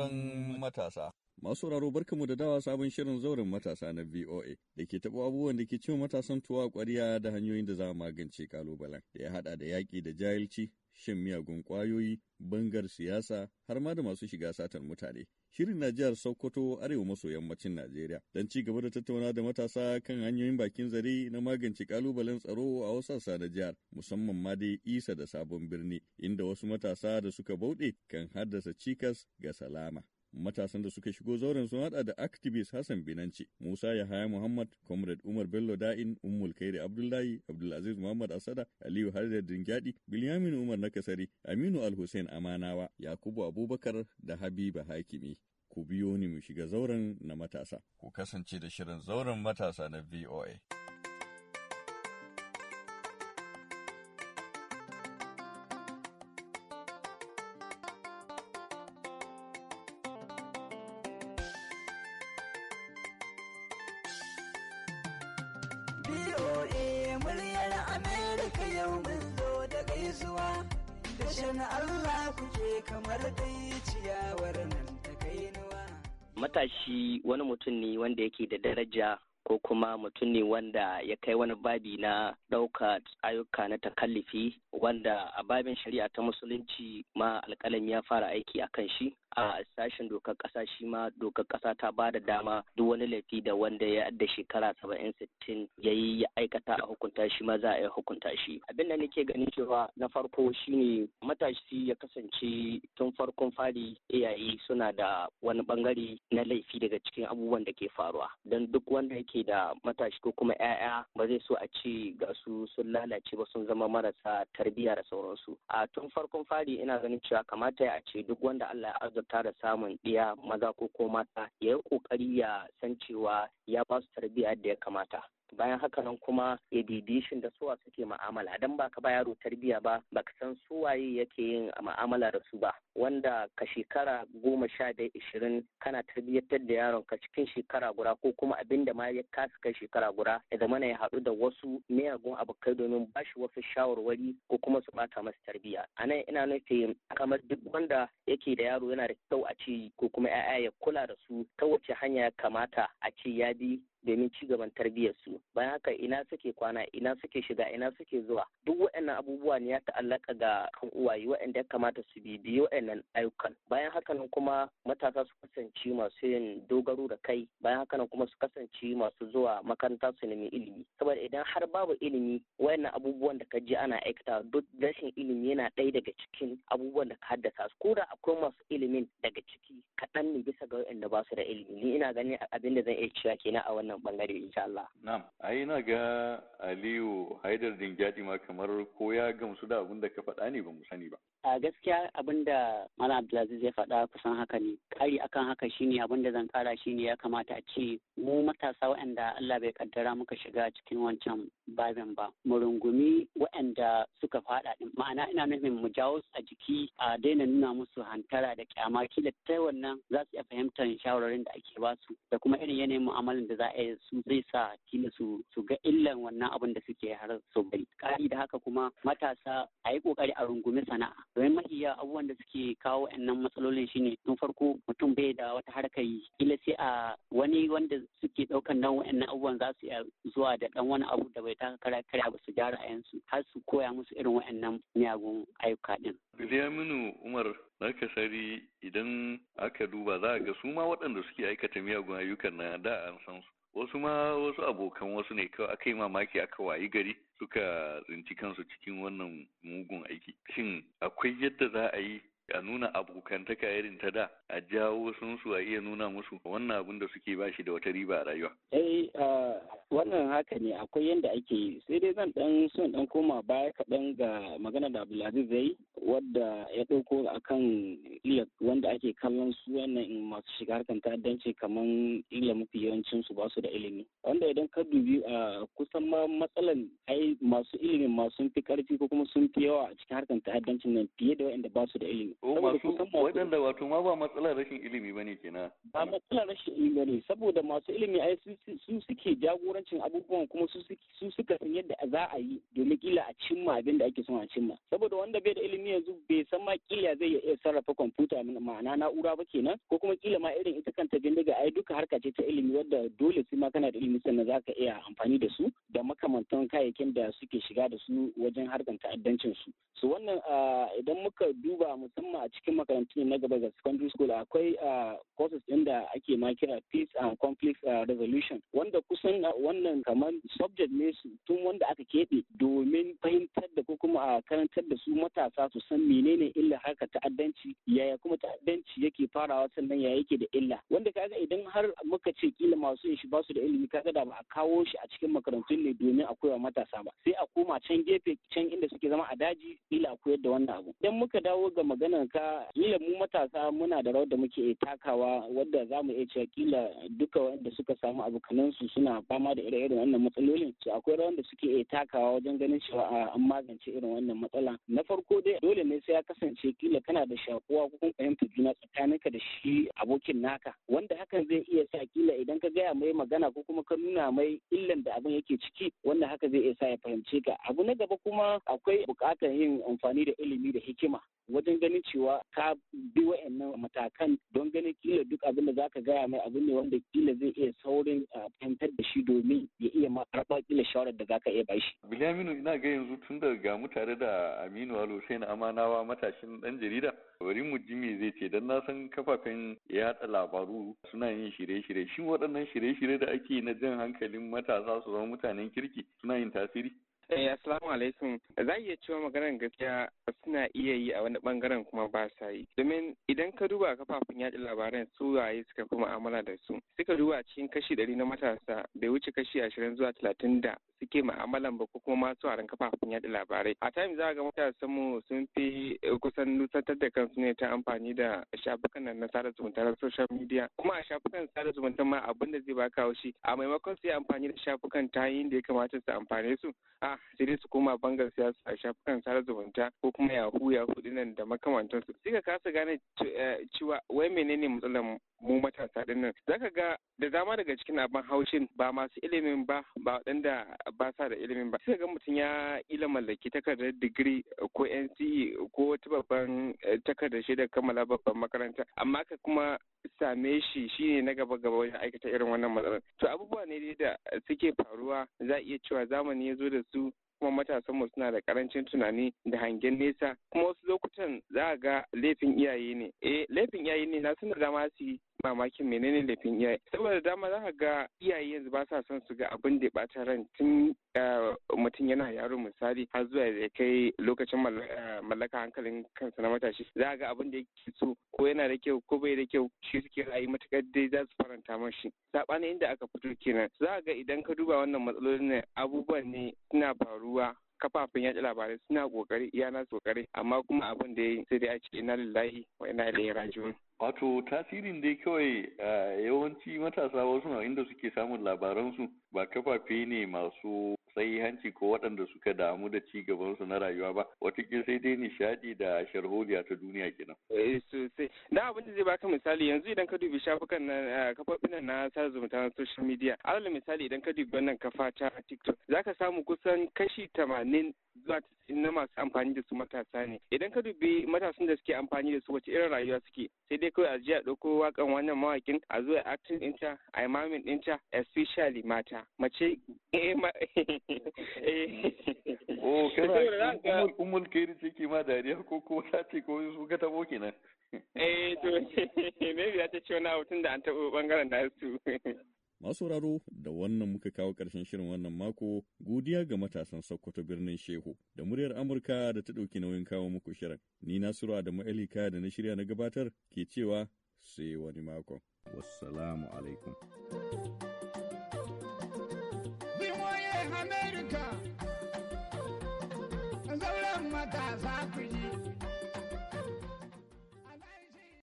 zauren matasa. Masu sauraro barkamu da dawa sabon shirin zauren matasa na VOA da ke taɓa abubuwan da ke cin matasan tuwa ƙwariya da hanyoyin da za a magance kalubalen da ya haɗa da yaƙi da jahilci, shan miyagun ƙwayoyi, bangar siyasa har ma da masu shiga satar mutane. shirin na jihar Sokoto arewa maso yammacin Najeriya don ci gaba da tattauna da matasa kan hanyoyin bakin zare na magance kalubalen tsaro a wasu sassa na jihar musamman ma dai Isa da sabon birni inda wasu matasa da suka bauɗe kan haddasa cikas ga salama. Matasan da suka shigo zauren sun hada da activist Hassan Binanci, Musa Yahaya Muhammad, Comrade Umar Bello Da'in, Ummul Kairi Abdullahi, Abdulaziz Muhammad Asada, Aliyu Harir Dingyadi, Bilyamin Umar Nakasari, Aminu Al-Hussein Amanawa, Yakubu Abubakar da Habiba Hakimi. Ku biyo ni mu shiga zauren na matasa. Ku kasance da shirin zauren matasa na VOA. gaisuwa da Allah kuke kamar dai ciyawar nan ta kainuwa. Matashi wani mutum ne wanda yake da daraja ko kuma mutum ne wanda ya kai wani babi na ɗauka ayyuka na takallifi wanda a babin shari'a ta musulunci ma alƙalin ya fara aiki a kan shi a sashen dokar ƙasa shi ma dokar ƙasa ta ba da dama duk wani laifi da wanda ya da shekara saba'in sittin ya yi ya aikata a hukunta shi ma za a yi hukunta shi abin da nake ganin cewa na farko shine matashi ya kasance tun farkon fari iyaye suna da wani bangare na laifi daga cikin abubuwan da ke faruwa don duk wanda yake da matashi ko kuma 'ya'ya ba zai so a ce ga su sun lalace ba sun zama marasa tar tarbiyya da sauransu a tun farkon fari ina ganin cewa kamata ya ce duk wanda Allah ya azurta da samun ɗiya maza ko ko mata ya yi ƙoƙari ya san cewa ya ba su tarbiyya da ya kamata bayan haka nan kuma ya da suwa suke ma'amala dan ba ka ba yaro tarbiya ba ka san suwaye yake yin ma'amala da su ba wanda ka shekara goma sha da ishirin kana tarbiyyar da yaron ka cikin shekara gura, ko kuma abin da ma ya kasa kai shekara guda ya zama na ya haɗu da wasu miyagun abokai domin ba shi wasu shawarwari ko kuma su bata masa tarbiyya a nan ina nufin kamar duk wanda yake da yaro yana da kyau a ci ko kuma 'ya'ya ya kula da su ta wace hanya ya kamata a ce ya bi domin ci gaban su bayan haka ina suke kwana ina suke shiga ina suke zuwa duk waɗannan abubuwa ne ya ta'allaka ga kan uwaye waɗanda ya kamata su bibiyi waɗannan ayyukan bayan haka nan kuma matasa su kasance masu yin dogaro da kai bayan haka nan kuma su kasance masu zuwa makaranta su nemi ilimi saboda idan har babu ilimi waɗannan abubuwan da ka ji ana aikata duk rashin ilimi yana ɗaya daga cikin abubuwan da ka haddasa su ko akwai masu ilimin daga ciki kaɗan ne bisa ga waɗanda ba su da ilimi ni ina ganin abin da zan iya cewa kenan a wannan wannan bangare insha Allah. Na'am, ai na ga Aliyu Haidar Dingyadi ma kamar ko ya gamsu da abin da ka faɗa ne ba mu sani ba. A gaskiya abin da Malam Abdulaziz ya faɗa kusan haka ne. Kari akan haka shine abin da zan kara shine ya kamata a ce mu matasa waɗanda Allah bai kaddara muka shiga cikin wancan babin ba. Mu rungumi waɗanda suka faɗa din. Ma'ana ina nufin mu jawo su a jiki a daina nuna musu hantara da kyama kila ta wannan za su iya fahimtar shawarwarin da ake ba da kuma irin yanayin mu'amalan da za a Eh, su zai sa kila su su ga illan wannan abin da suke har su bari kari da haka kuma matasa a yi kokari a rungumi sana'a domin iya abubuwan da suke kawo wannan matsalolin shine tun farko mutum bai da wata harkar yi kila sai a wani wanda suke daukan nan wa'annan abubuwan za su iya zuwa da dan wani abu da bai taka kara kara ba su gyara 'yansu, har su koya musu irin wa'annan miyagun ayyuka din Biliyaminu Umar na kasari idan aka duba za a ga su ma waɗanda suke aikata miyagun ayyukan na da an san su. Wasu ma wasu abokan wasu ne kawai aka yi mamaki aka wayi gari suka tsinci kansu cikin wannan mugun aiki. Shin akwai yadda za a yi a nuna abokantaka irin ta da a jawo sun su a iya nuna musu wannan abin da suke ba shi da wata riba a rayuwa. Eh, ah, wannan haka ne akwai yadda ake yi sai dai zan dan son dan koma baya kaɗan ga magana da abdulaziz zai wadda ya ɗauko a iya wanda ake kallon su wannan masu shiga harkar ta'addanci kamar iya mafi yawancin su basu da ilimi wanda idan ka dubi a kusan ma matsalan ai masu ilimi ma sun fi karfi ko kuma sun fi yawa a cikin harkar ta'addancin nan fiye da waɗanda basu da ilimi. Oh, masu waɗanda wato ma ba matsalar rashin ilimi ne kenan. ba matsalar rashin ilimi ne saboda masu ilimi ai su suke jagora muhimmancin abubuwan kuma su suka san yadda za a yi domin kila a cimma abin da ake son a cimma saboda wanda bai da ilimi yanzu bai san ma kila zai iya sarrafa kwamfuta ma'ana na'ura ba kenan ko kuma kila ma irin ita kanta bindiga ai duka harka ce ta ilimi wadda dole sai ma kana da ilimi sannan za ka iya amfani da su da makamantan kayayyakin da suke shiga da su wajen harkar ta'addancin su su wannan idan muka duba musamman a cikin makarantun na gaba ga secondary school akwai courses ɗin da ake ma kira peace and conflict resolution wanda kusan wannan kamar subject ne su tun wanda aka keɓe domin fahimtar da ko kuma a karantar da su matasa su san menene illa harka ta'addanci yaya kuma ta'addanci yake farawa sannan yaya yake da illa wanda kaga idan har muka ce kila masu yin shi ba su da ilimi kaga da ba a kawo shi a cikin makarantun ne domin a koyawa matasa ba sai a koma can gefe can inda suke zama a daji kila a koyar da wannan abu idan muka dawo ga maganar ka kila mu matasa muna da rawar da muke takawa wadda za mu iya cewa kila duka wanda suka samu abokanan su suna fama da da ire wannan matsalolin su akwai rawar da suke iya takawa wajen ganin cewa an magance irin wannan matsala na farko dai dole ne sai ya kasance kila kana da shakuwa ko kuma fahimtar juna tsakaninka da shi abokin naka wanda hakan zai iya sa kila idan ka gaya mai magana ko kuma ka nuna mai illan da abin yake ciki wanda haka zai iya sa ya fahimce ka abu na gaba kuma akwai bukatar yin amfani da ilimi da hikima wajen ganin cewa ka bi wa'annan matakan don ganin kila duk abin da zaka gaya mai abin ne wanda kila zai iya saurin ah, fahimtar da shi domin ya iya ma karɓa kila shawarar da zaka iya bashi. Bilaminu ina ga yanzu tun da ga mu da Aminu Alo na Amanawa matashin dan jarida bari mu ji me zai ce dan na san kafafen yaɗa labaru suna yin shirye-shirye shin waɗannan shirye-shirye da ake na jan hankalin matasa su zama mutanen kirki suna yin tasiri. Eh, assalamu alaikum. Za iya cewa maganar gaskiya suna iya yi a wani bangaren kuma ba sa yi. Domin idan ka duba kafafun yaɗa labaran su waye suka fi mu'amala da su. Suka duba cikin kashi ɗari na matasa bai wuce kashi ashirin zuwa talatin da suke mu'amalan ba ko kuma masu a kafafun yaɗa labarai. A time za ga matasan mu sun fi eh, kusan nusantar da kansu ne ta amfani da shafukan nan na sada zumunta na social media. Kuma a shafukan sada zumunta ma abin da zai baka haushi a maimakon su yi amfani da shafukan ta yin da ya kamata su amfane su. A sai dai su koma bangar siyasa a shafukan sada zumunta ko kuma yahu yahu dinan da makamantansu sai ka kasa gane eh, cewa wai menene matsalar mu mu matasa din nan zaka ga da dama daga cikin abin haushin ba masu ilimin ba ba waɗanda ba sa da ilimin ba sai ga mutum ya ila mallaki takardar digiri ko NCE ko wata babban eh, takardar da kammala babban makaranta amma ka kuma same shi shine na gaba gaba wajen aikata irin wannan matsalar to abubuwa ne da suke faruwa za a iya cewa zamani ya zo da su kuma matasan mu suna da karancin tunani da hangen nesa kuma wasu lokutan za a ga laifin iyaye ne eh laifin iyaye ne na suna dama su yi mamakin menene laifin iyaye saboda dama za a ga iyaye yanzu ba sa son su ga abin da bata ran tun eh, mutum yana yaro misali har zuwa ya kai lokacin eh, mallaka hankalin kansa na matashi za a ga abin da yake so ko yana da kyau ko bai da kyau shi suke ra'ayi matukar dai za su faranta mashi saɓanin inda aka fito kenan za a ga idan ka duba wannan matsalolin abubuwan ne suna faruwa ruwa kafafen yaɗa labarai suna kokari iyana kokari amma kuma abin da ya sai dai a ce ina lillahi wa ina ilaihi raji'un Wato tasirin dai kawai yawanci matasa wasu na inda suke samun labaransu ba kafafe ne masu hanci ko waɗanda suka damu da ci gabansu na rayuwa ba wata sai dai nishadi da sharholiya ta duniya kenan. Eh, sosai da abin da zai baka misali yanzu idan ka dubi shafukan na kafofin na sa zumunta na social media alal misali idan ka dubi wannan kafa ta tiktok zaka samu kusan kashi tamanin zuwa na masu amfani da su matasa ne idan ka dubi matasan da suke amfani da su wace irin rayuwa suke sai dai kawai a jiya ɗauko wakan wannan mawakin a zo a acting ɗinta a imamin ɗinta especially mata mace eh, eh. o kana umul kairi take ma dariya ko ko ta ce ko su ka tabo kenan eh to ne maybe ta ce wani abu tun da an taɓa ɓangaren da su masu raro da wannan muka kawo ƙarshen shirin wannan mako godiya ga matasan Sokoto birnin Shehu da muryar Amurka da ta ɗauki nauyin kawo muku shirin. Ni Nasiru Adamu Elika da na shirya na gabatar ke cewa sai wani mako. Wassalamu alaikum. America.